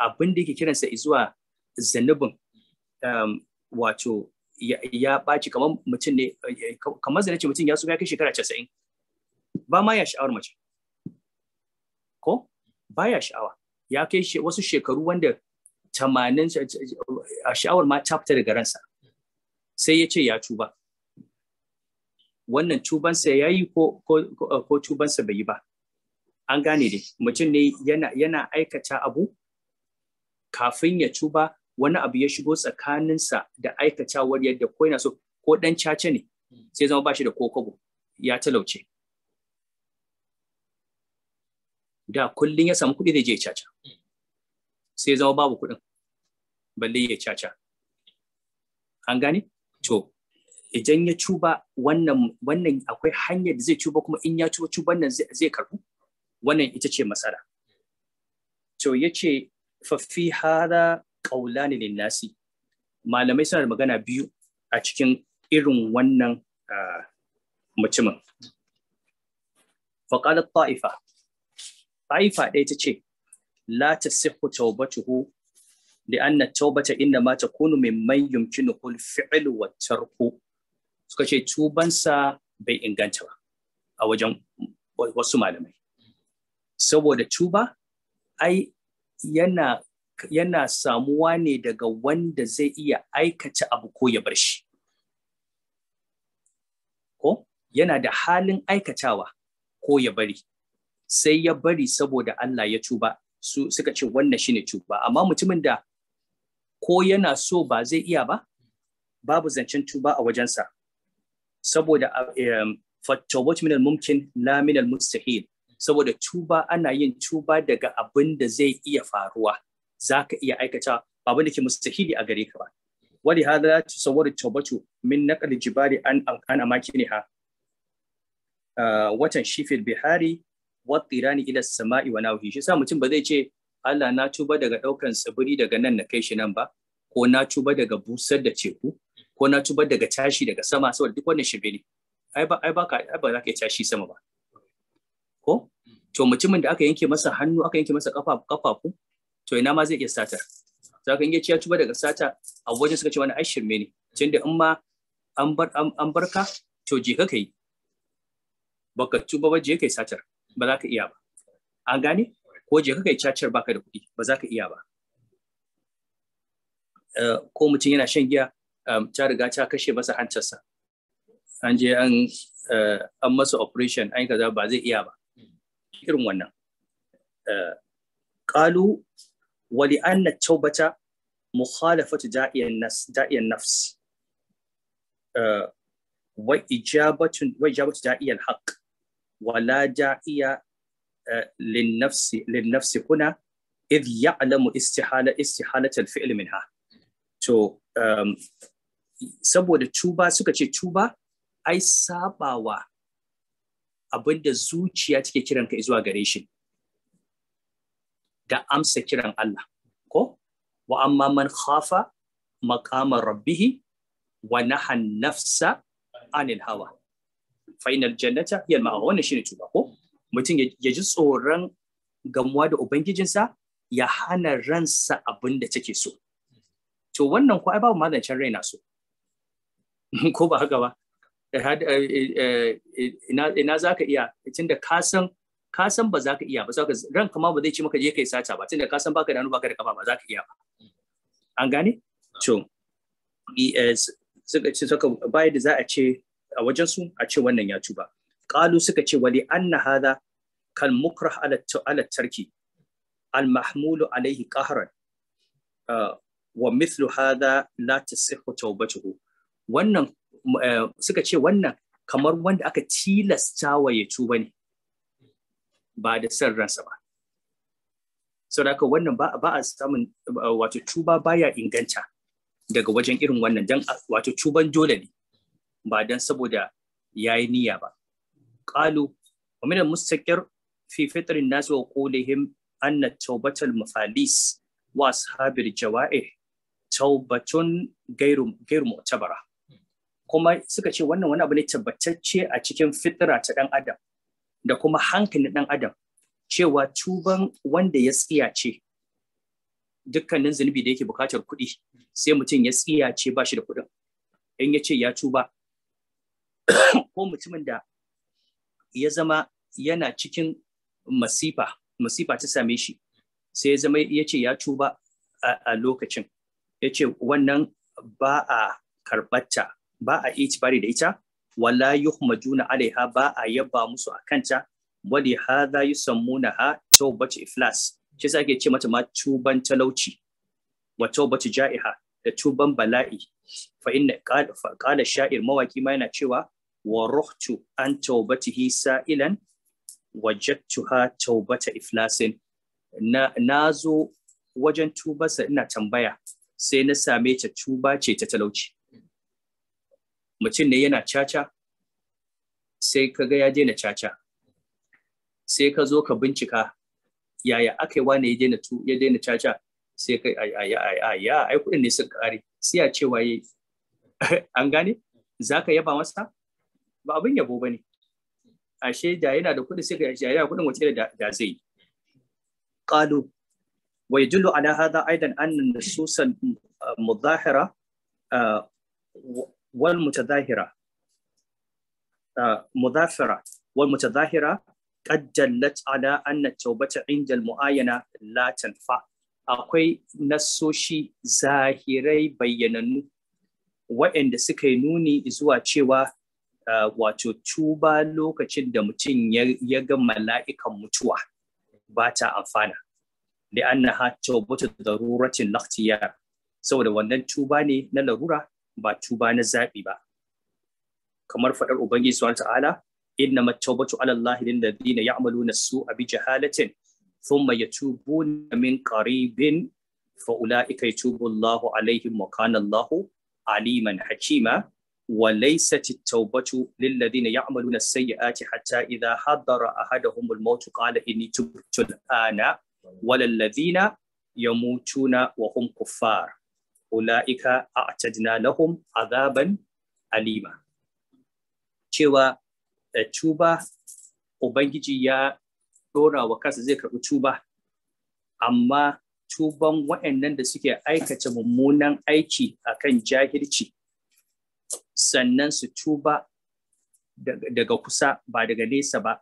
abin da yake kiransa zuwa zanubin um, wato ya ɓaci kamar mutum ne eh, kamar zane ce mutum ya su ya kai shekara casa'in ba ma ya sha'awar mace ko ba ya sha'awa ya kai wasu shekaru wanda tamanin a sha'awar ma ta fita daga ransa sai ya ce ya tuba wannan tubansa ya yi ko, eh, tubansa bai yi ba an gane dai mutum ne yana, aikata abu kafin ya tuba wani abu ya shigo tsakaninsa da aikatawar yadda ko yana so ko dan caca ne sai zama ba shi da kokobo ya talauce da kullum ya samu kuɗi zai je caca sai zama babu kuɗin balle ya caca an gane to idan ya cuba wannan wannan akwai hanyar da zai cuba kuma in ya cuba cuban nan zai karbu wannan ita ce matsala to yace fa fi hada qaulani linnasi malamai suna da magana biyu a cikin irin wannan ah, mutumin. Faƙalar ta'ifa, aifa ɗaya ta ce la ta tasihhu tawbatuhu li'anna ta inna ma takunu mimman yumkinu kul fi'lu wa tarku suka ce tubansa bai inganta ba a wajen wasu malamai saboda tuba ai yana yana samuwa ne daga wanda zai iya aikata abu ko ya bar shi ko yana da halin aikatawa ko ya bari sai ya bari saboda Allah ya tuba su suka ce wannan shine tuba. amma mutumin da ko yana so ba zai iya ba babu zancen tuba a wajensa saboda um, fattawat min mumkin la min mustahil saboda tuba ana yin tuba daga abin da zai iya faruwa zaka iya aikata ba abin da ke mustahili a gare ka ba wali hada la tusawwaru tawbatu min naqal jibali an an amakiniha uh, watan shifil bihari wattirani ila sama'i wa nawhi shi sa mutum ba zai ce Allah na tuba daga daukan tsibiri daga nan na kai shi nan ba ko na tuba daga busar da ceku ko na tuba daga tashi daga sama saboda duk wannan shirme ne ai ba ai ba ka ai ba za ka tashi sama ba ko to mutumin da aka yanke masa hannu aka yanke masa kafa kafafu to ina ma zai iya sata za ka iya ciya tuba daga sata a wajen suka ce wani ai shirme ne tunda in ma an bar an barka to je ka kai baka tuba ba je kai satar ba za ka iya ba an gane ko je kakai cacar baka da kuɗi ba za ka iya ba eh, ko mutum yana shan giya um, ta riga ta kashe masa hancarsa an je an eh, an masa operation an yi kaza ba zai iya ba irin wannan Ƙalu eh, wali na taubata mukhalafatu da'iyan da'iyan nafs Wai ijabatu da'iyan wala ja'iya linnafsi linnafsi kuna idh ya'lamu istihala istihalat al-fi'l minha to saboda cuba suka ce tuba, ai saɓawa abinda zuciya take kiran ka zuwa gare shi da amsa kiran Allah ko wa amma man khafa maqama rabbih wa nahan nafsa anil hawa fa innal jannata hiya ma'a wannan shine tuba ko mutum ya ji tsoron gamuwa da ubangijinsa ya hana ransa abin da take so to wannan ko ai babu mazancin raina so ko ba haka ba eh, eh, eh, ina za ka iya tunda ka san ka san ba za ka iya ba ran kama ba zai ci maka je kai sata ba tunda ka san baka da hannu baka da kafa ba za ka iya ba an gane to suka ce suka bayar da za a ce a wajen su a ce wannan ya tuba qalu suka ce wali anna hadha kal mukrah ala ala tarki al mahmul Alayhi qahran wa mithlu hadha la tasihhu tawbatuhu wannan suka ce wannan kamar wanda aka tilasta wa ya tuba ne ba da san ransa ba saboda ka wannan ba a samun wato tuba baya inganta daga wajen irin wannan dan wato tuban dole ne ba dan saboda yayi niyya ba qalu wa min al-mustaqir fi fitr an-nas wa qulihim anna tawbatal mafalis wa ashabil jawa'i tawbatun gairu mu'tabara kuma suka ce wannan wani abu ne tabbatacce a cikin fitira ta dan adam da kuma hankalin ɗan adam cewa tuban wanda ya tsiyace dukkanin zunubi da yake bukatar kuɗi sai mutum ya tsiyace ba shi da kuɗin in ya ce ya tuba ko mutumin da ya zama yana cikin masifa masifa ta same shi sai ya zama ya ce ya tuba a lokacin ya ce wannan ba a karɓarta ba a itibari da ita wala yuhmaduna alaiha ba a yaba musu a kanta wali hadha ha tawbatu iflas shi yasa ake ce mata ma tuban talauci wa tawbatu ja'iha da tuban bala'i fa inna qala sha'ir mawaki ma yana cewa wa ruhtu an taubatihi sa'ilan wajadtuha taubata iflasin na nazo wajen tubarsa ina tambaya sai na same ta tubace ta talauci mutum ne yana caca sai kaga ya daina caca sai ka zo ka bincika yaya aka yi wane ya daina caca sai ka ai ai ai ai kudin ne sun kare sai a cewa yi an gane za ka yaba masa ba abin yabo ba ne ashe da yana da kuɗi sai ga da yana kuɗin wace da zai qalu wa yadullu ala hadha aidan anna nususan uh, uh, uh, mudahira wal mutadahira mudafira wal mutadahira قد دلت على أن التوبة عند المعاينة لا تنفع akwai nasoshi zahirai bayyanannu waɗanda suka yi nuni zuwa cewa Eh, wato tuba lokacin da mutum ya ga mala'ikan mutuwa ba ta amfana da an na da ruratin laktiyar saboda wannan tuba ne na larura ba tuba na zaɓi ba kamar faɗar ubangiji subhanahu ta'ala inna mattaubatu ala ya amalu na su a bi jahalatin thumma yatubuna min karibin fa ulaika yatubu Allahu alaihim wakanallahu Allahu aliman hakima وليست التوبة للذين يعملون السيئات حتى إذا حضر أحدهم الموت قال إني تبت الآن ولا الذين يموتون وهم كفار أولئك أعتدنا لهم عذابا أليما cewa tuba Ubangiji ya ɗora wa kansa zai karɓi tuba, amma tuban waɗannan da suke aikata mummunan aiki akan jahilci sannan su tuba daga kusa ba daga nesa ba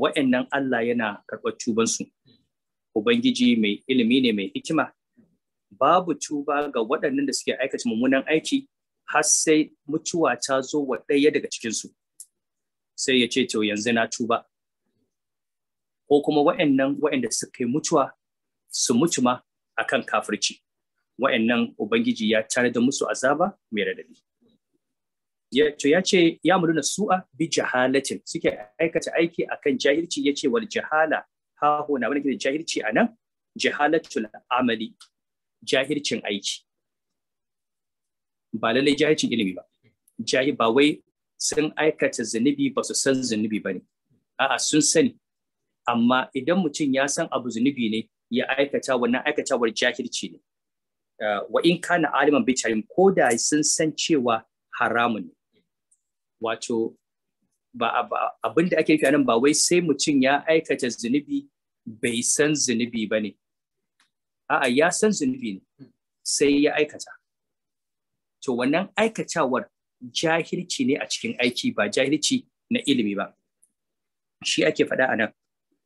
wa'annan Allah yana karɓar tubansu ubangiji mai ilimi ne mai hikima babu tuba ga waɗannan da suke aikata mummunan aiki har sai mutuwa ta zo wa ɗaya daga cikinsu sai ya ce to yanzu na tuba ko kuma wa'annan wa'anda suka yi mutuwa su mutu ma akan kafirci wa'annan ubangiji ya tare da musu azaba mai radadi to ya ce ya muluna su'a bi jahalatin suke aikata aiki akan jahilci ya ce wal jahala ha na wani kiran jahilci a nan jahalatul amali jahilcin aiki ba lallai jahilcin ilimi ba jahi ba wai sun aikata zunubi ba su san zunubi ba ne a'a sun sani amma idan mutum ya san abu zunubi ne ya aikata wannan aikatawar jahilci ne wa in kana aliman bitarin ko da sun san cewa haramun ne wato ba abin da ake nufi nan ba wai sai mutum ya aikata zunubi bai san zunubi ba ne a'a ya san zunubi ne sai ya aikata to wannan aikatawar jahilci ne a cikin aiki ba jahilci na ilimi ba shi ake faɗa a nan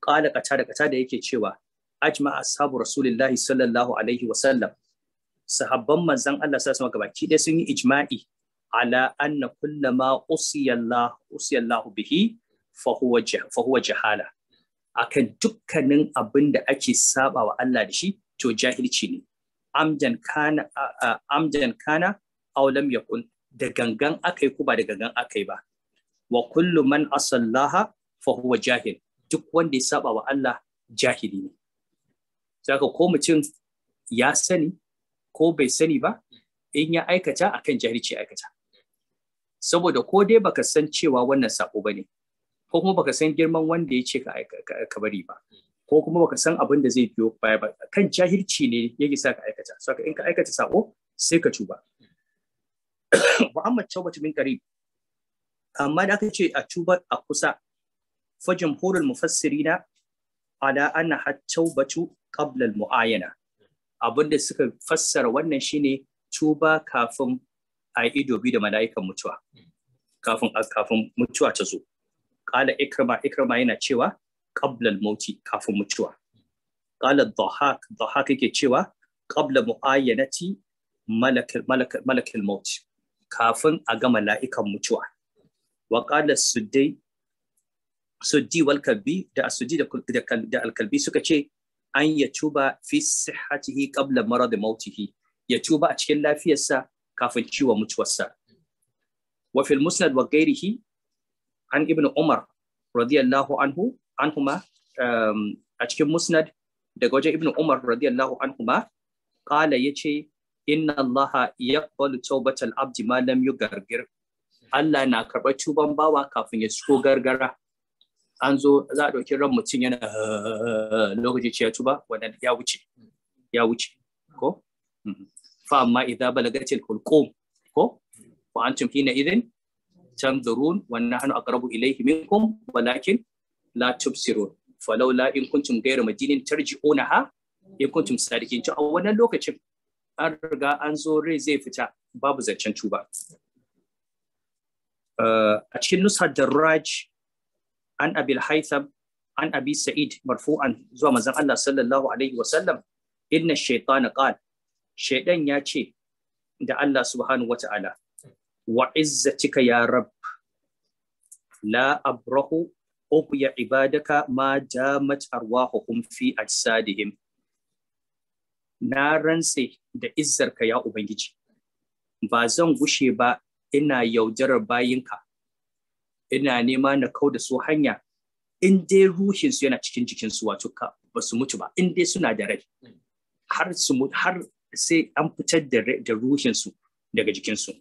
ƙala kata da kata da yake cewa ajma ashabu rasulillahi sallallahu alaihi wasallam sahabban manzon Allah sallallahu alaihi wasallam gabaki ɗaya sun yi ijma'i ala anna kullama usiyallah usiyallahu bihi fahuwa jahala akan dukkanin abin da ake saba wa Allah da shi to jahilci ne amjan kana amjan kana aw yakun da gangan akai ko ba da gangan akai ba wa kullu man asallaha fahuwa jahil duk wanda ya saba wa Allah jahili ne saka ko mutum ya sani ko bai sani ba in ya aikata akan jahilci aikata saboda ko dai baka san cewa wannan sabo bane ko kuma baka san girman wanda ya ce ka bari ba ko kuma baka san abin da zai biyo baya ba kan jahilci ne yake sa ka aikata so in ka aikata sako sai ka tuba Muhammad Tawbatu min amma da aka ce a tuba a kusa fa jumhurul mufassirina ala anna at qabla al-mu'ayana abinda suka fassara wannan shine tuba kafin a yi ido biyu da mala'ikan mutuwa kafin kafin mutuwa ta zo qala ikrama ikrama yana cewa qabla al-mauti kafin mutuwa qala dhahak dhahak yake cewa qabla muayyanati malak malak malak al-maut kafin a ga mala'ikan mutuwa wa qala suddai suddi wal kalbi da asuddi da da al-kalbi suka ce an ya tuba fi sihhatihi qabla marad mautihi ya tuba a cikin lafiyarsa kafin ciwon mutuwarsa wa musnad wa Gairiki an ibn umar radiyallahu anhu anhuma um, a cikin musnad daga wajen ibn umar radiyallahu anhuma ya ce, inna allaha yaqbalu tawbatal abdi ma lam yugargir Allah na karɓar tuban bawa kafin ya ciko gargara an zo za a ɗauki ran mutum yana lokaci ya tuba wannan ya wuce ya wuce ko mhm. fa amma idza balagatil hulqum ko wa antum hina idhin tanzurun wa nahnu aqrabu ilayhi minkum walakin la tubsirun falaula in kuntum ghayra madinin tarji'unaha in kuntum sadiqin to a wannan lokacin an riga an zo rai zai fita babu zancen tuba a cikin nusar darraj an abil haitham an abi sa'id marfu'an zuwa manzon Allah sallallahu alaihi Wasallam, inna shaytana qala shaidan ya ce da Allah subhanahu wata'ala wa izzatika ya rab la abrahu ya ibadaka ma damat arwahuhum fi ajsadihim na rantse da izzarka ya ubangiji ba zan gushe ba ina yaudarar bayinka ina nema na kau da su hanya in dai ruhinsu yana cikin jikinsu wato ka ba su mutu ba in dai suna da rai har su mutu har sai an fitar da da ruhinsu daga jikinsu.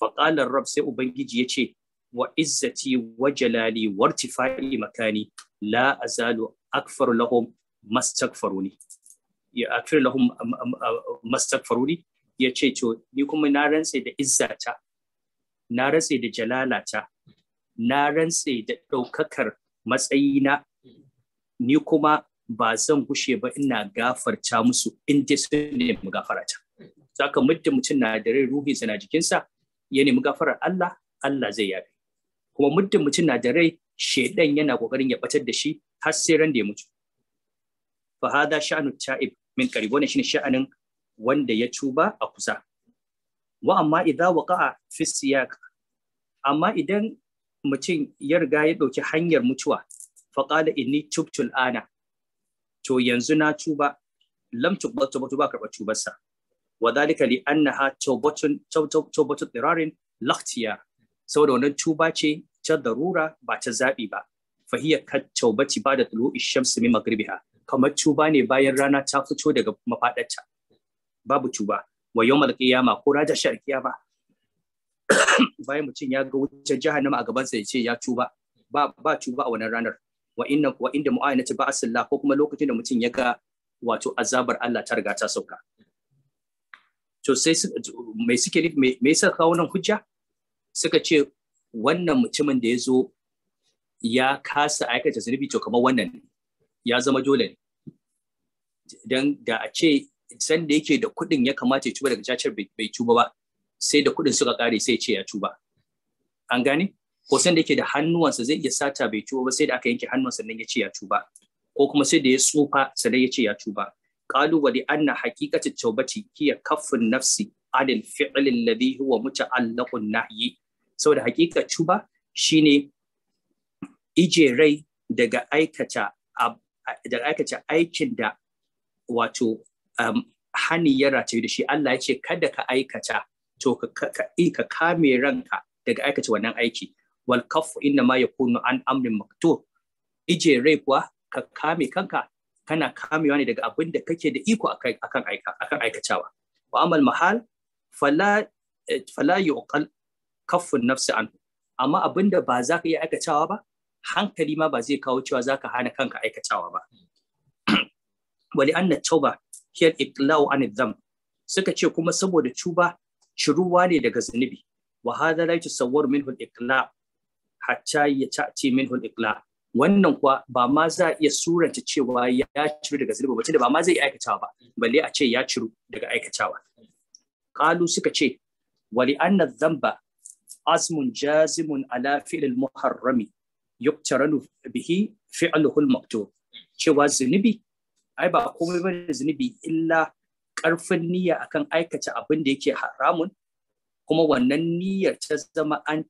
Faƙalar Rab sai Ubangiji ya ce, wa izzati wa jalali wa irtifa'i makani la azalu akfar lahum mastakfaruni ya akfar lahum mastakfaruni ya ce to ni kuma na rantse da izzata na rantse da jalalata na rantse da ɗaukakar matsayina ni kuma ba zan gushe ba ina gafarta musu in dai sun nemi gafara ta saka muddin mutum na da rai ruhinsa na jikinsa ya nemi gafarar Allah Allah zai yafe kuma muddin mutum na da rai shedan yana kokarin ya batar da shi har sai ran da ya mutu fa hada sha'anu ta'ib min qarib wannan shine sha'anin wanda ya tuba a kusa wa amma idza waqa'a fi siyaq amma idan mutum ya riga ya dauki hanyar mutuwa fa qala inni tubtu al'ana to yanzu na tuba lam tuba ba karɓar tubarsa wa dalika li annaha tubatun tawbatun dirarin laqtiya saboda wannan tuba ce ta darura ba ta zabi ba fa hiya kat tubati ba da tulu shamsi min magribiha kamar tuba ne bayan rana ta fito daga mafadarta babu tuba wa yawmal qiyama ko raja shar qiyama bayan mutum ya ga wuce jahannama a gabansa ya ce ya tuba ba ba tuba a wannan ranar wa inna wa inda mu'ayanati ba'asillah ko kuma lokacin da mutum ya ga wato azabar Allah ta riga ta sauka to sai mai suke me yasa kawo nan hujja suka ce wannan mutumin da ya zo ya kasa aikata zunubi to kamar wannan ya zama dole ne dan da a ce san da yake da kuɗin ya kamata ya tuba daga cacar bai tuba ba sai da kuɗin suka kare sai ce ya tuba an gane ko san da yake da hannuwansa zai iya sata bai tuba ba sai da aka yanke hannuwansa sannan ya ce ya tuba ko kuma sai da ya tsufa sannan ya ce ya tuba qalu wa li anna kafin tawbati hiya kaffun nafsi adil fi'l alladhi huwa muta'allaqun nahyi saboda haqiqa tuba shine ije rai daga aikata daga aikata aikin da wato um, hani ya rataye da shi Allah ya ce kada ka aikata to ka kame ranka daga aikata wannan aiki wal kaffu inna ma yakunu an amrin maktur ije rai kuwa ka kame kanka kana kamewa ne daga abin da kake da iko akan akan aikacewa wa amal mahal fala eh, fala yuqal kaffun nafsi an amma abin da ba za ka iya aikacewa ba hankali ma ba zai kawo cewa za ka hana kanka aikacewa ba wali anna tauba hiyal iqla'u an dham suka ce kuma saboda cuba shiruwa ne daga zunubi wa hadha la yatasawwaru minhu al-iqla hatta ya ta'ti minhu al-iqla wannan kuwa ba ma za a iya suranta cewa ya ciru daga zunubi ba tunda ba ma zai aikatawa ba balle a ce ya ciru daga aikatawa qalu suka ce wali anna dhanba asmun jazimun ala fi'l al-muharrami yuktaranu bihi fi'luhu al-maktub cewa zunubi ai ba komai bane zunubi illa karfin niyya akan aikata abin da yake haramun kuma wannan niyyar ta zama an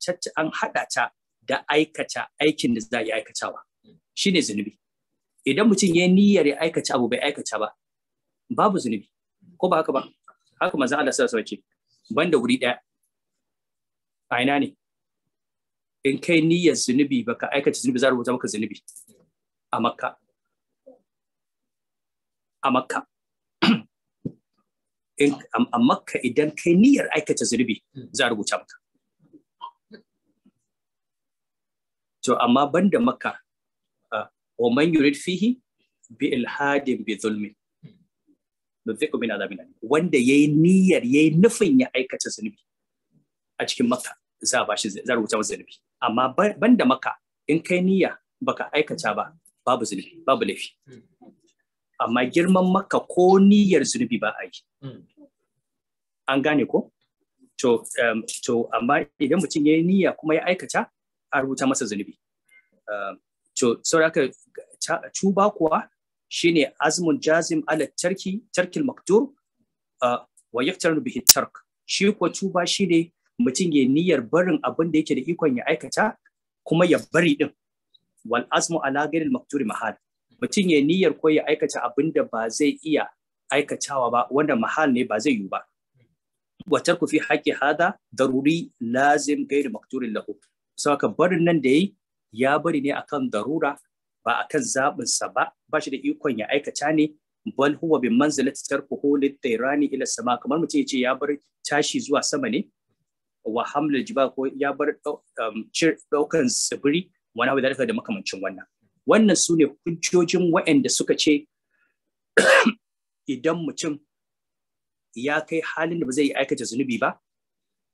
an hada ta da aikata aikin da za a yi aikatawa shine zunubi idan mutum ya niyyar ya aikata abu bai aikata ba babu zunubi ko ba haka ba haka manzon Allah sa sauke ban banda wuri daya a ina ne in kai niyyar zunubi baka aikata zunubi za a rubuta maka zunubi a makka a makka a makka idan kai niyyar aikata zunubi za a rubuta maka to amma banda makka wa man yurid fihi bi ilhadin bi zulmin nuziku min azabin alim wanda yayi niyyar yayi nufin ya aikata zunubi a cikin makka za a bashi za rubuta masa zunubi amma banda makka in kai niyya baka aikata ba babu zunubi babu laifi amma girman makka ko niyyar zunubi ba a yi an gane ko to to amma idan mutum yayi niyya kuma ya aikata a rubuta masa zunubi um, to saboda tuba kuwa shine azmin jazim ala tarki tarkil maktur uh, wa yaktarnu bihi tark shi kuwa tuba shine mutum ya niyyar barin abin da yake da ikon ya aikata kuma ya bari din wal azmu ala ghairil makturi mahal mutum ya niyyar ko ya aikata abin da ba zai iya aikatawa ba wanda mahal ne ba zai yiwu ba wa tarku fi haƙƙi hada daruri lazim ghairi makturin lahu saka barin nan da yi ya bari ne akan darura ba akan zaɓin ba ba shi da ikon ya aikata ne bal huwa bi manzilati tarkuhu litayrani ila sama kamar mutum ya ce ya bar tashi zuwa sama ne wa hamlul jibal ko ya bar daukan um, tsibiri wani abu da da makamancin wannan wannan su ne hujjojin waɗanda suka ce idan mutum ya kai halin da ba zai aikata zunubi ba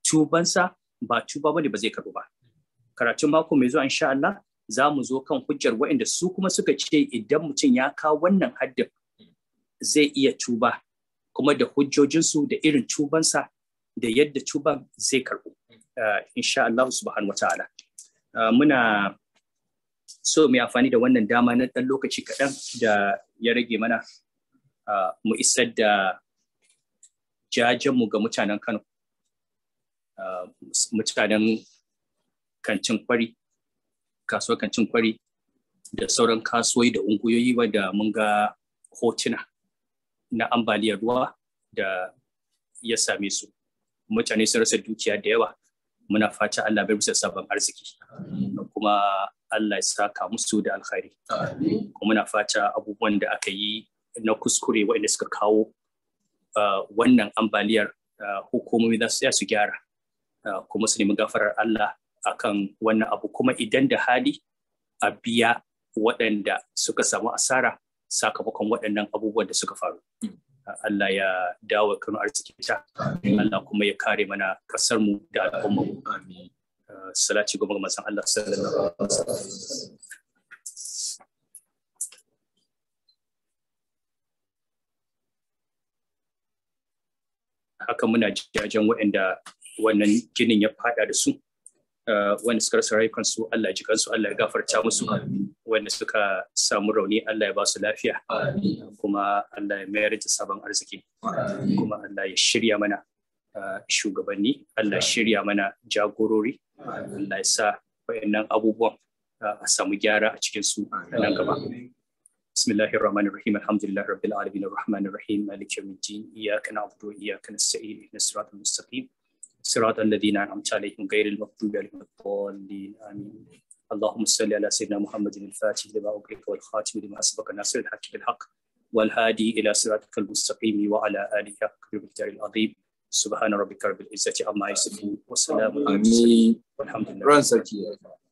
tubansa ba tuba ba ne ba zai karu ba karatun mako mai zuwa insha Allah za mu zo kan hujjar waɗanda su kuma suka ce idan mutum ya kawo wannan haddin zai iya tuba kuma da hujjojinsu da irin tubansa da yadda tuban zai karɓu ah, insha Allah subhanahu wataala ah, muna so mai amfani da wannan dama na ɗan lokaci kaɗan da ya rage mana ah, mu isar da jajenmu ga mutanen Kano mutanen kancin kwari kasuwar kancin kwari da sauran kasuwai da unguyoyi wadda mun ga hotuna na ambaliyar ruwa da ya same su mutane sun rasa dukiya da yawa muna fata Allah bai bisa sabon arziki kuma Allah ya saka musu da alkhairi kuma muna fata abubuwan da aka yi na kuskure waɗanda suka kawo wannan ambaliyar hukumomi za su gyara kuma su nemi gafarar Allah akan wannan abu kuma idan da hali a biya waɗanda suka samu asara sakamakon waɗannan abubuwan da suka faru. Allah ya dawo kanu arziki ta, Allah kuma ya kare mana kasar mu da al'umma uh, Salaci goma ga masan Allah sallallahu Haka muna jajen waɗanda wannan ginin ya fada da su. Eh, wanda suka rasa su Allah ji kansu Allah ya gafarta musu wanda suka samu rauni Allah ya ba su lafiya kuma Allah ya mayar da sabon arziki kuma Allah ya shirya mana eh, shugabanni Allah shirya mana jagorori Allah ya sa wayannan abubuwan eh, a samu gyara a cikin su nan gaba بسم الله الرحمن الرحيم الحمد لله رب العالمين الرحمن الرحيم مالك يوم الدين اياك نعبد واياك نستعين اهدنا الصراط المستقيم صراط الذين أنعمت عليهم غير المغضوب عليهم الضالين آمين اللهم صل على سيدنا محمد الفاتح لما أغلق والخاتم لما أسبق ناصر الحق بالحق والهادي إلى صراطك المستقيم وعلى آله حق بالمقدار العظيم سبحان ربك رب العزة عما يصفون وسلام على المرسلين والحمد لله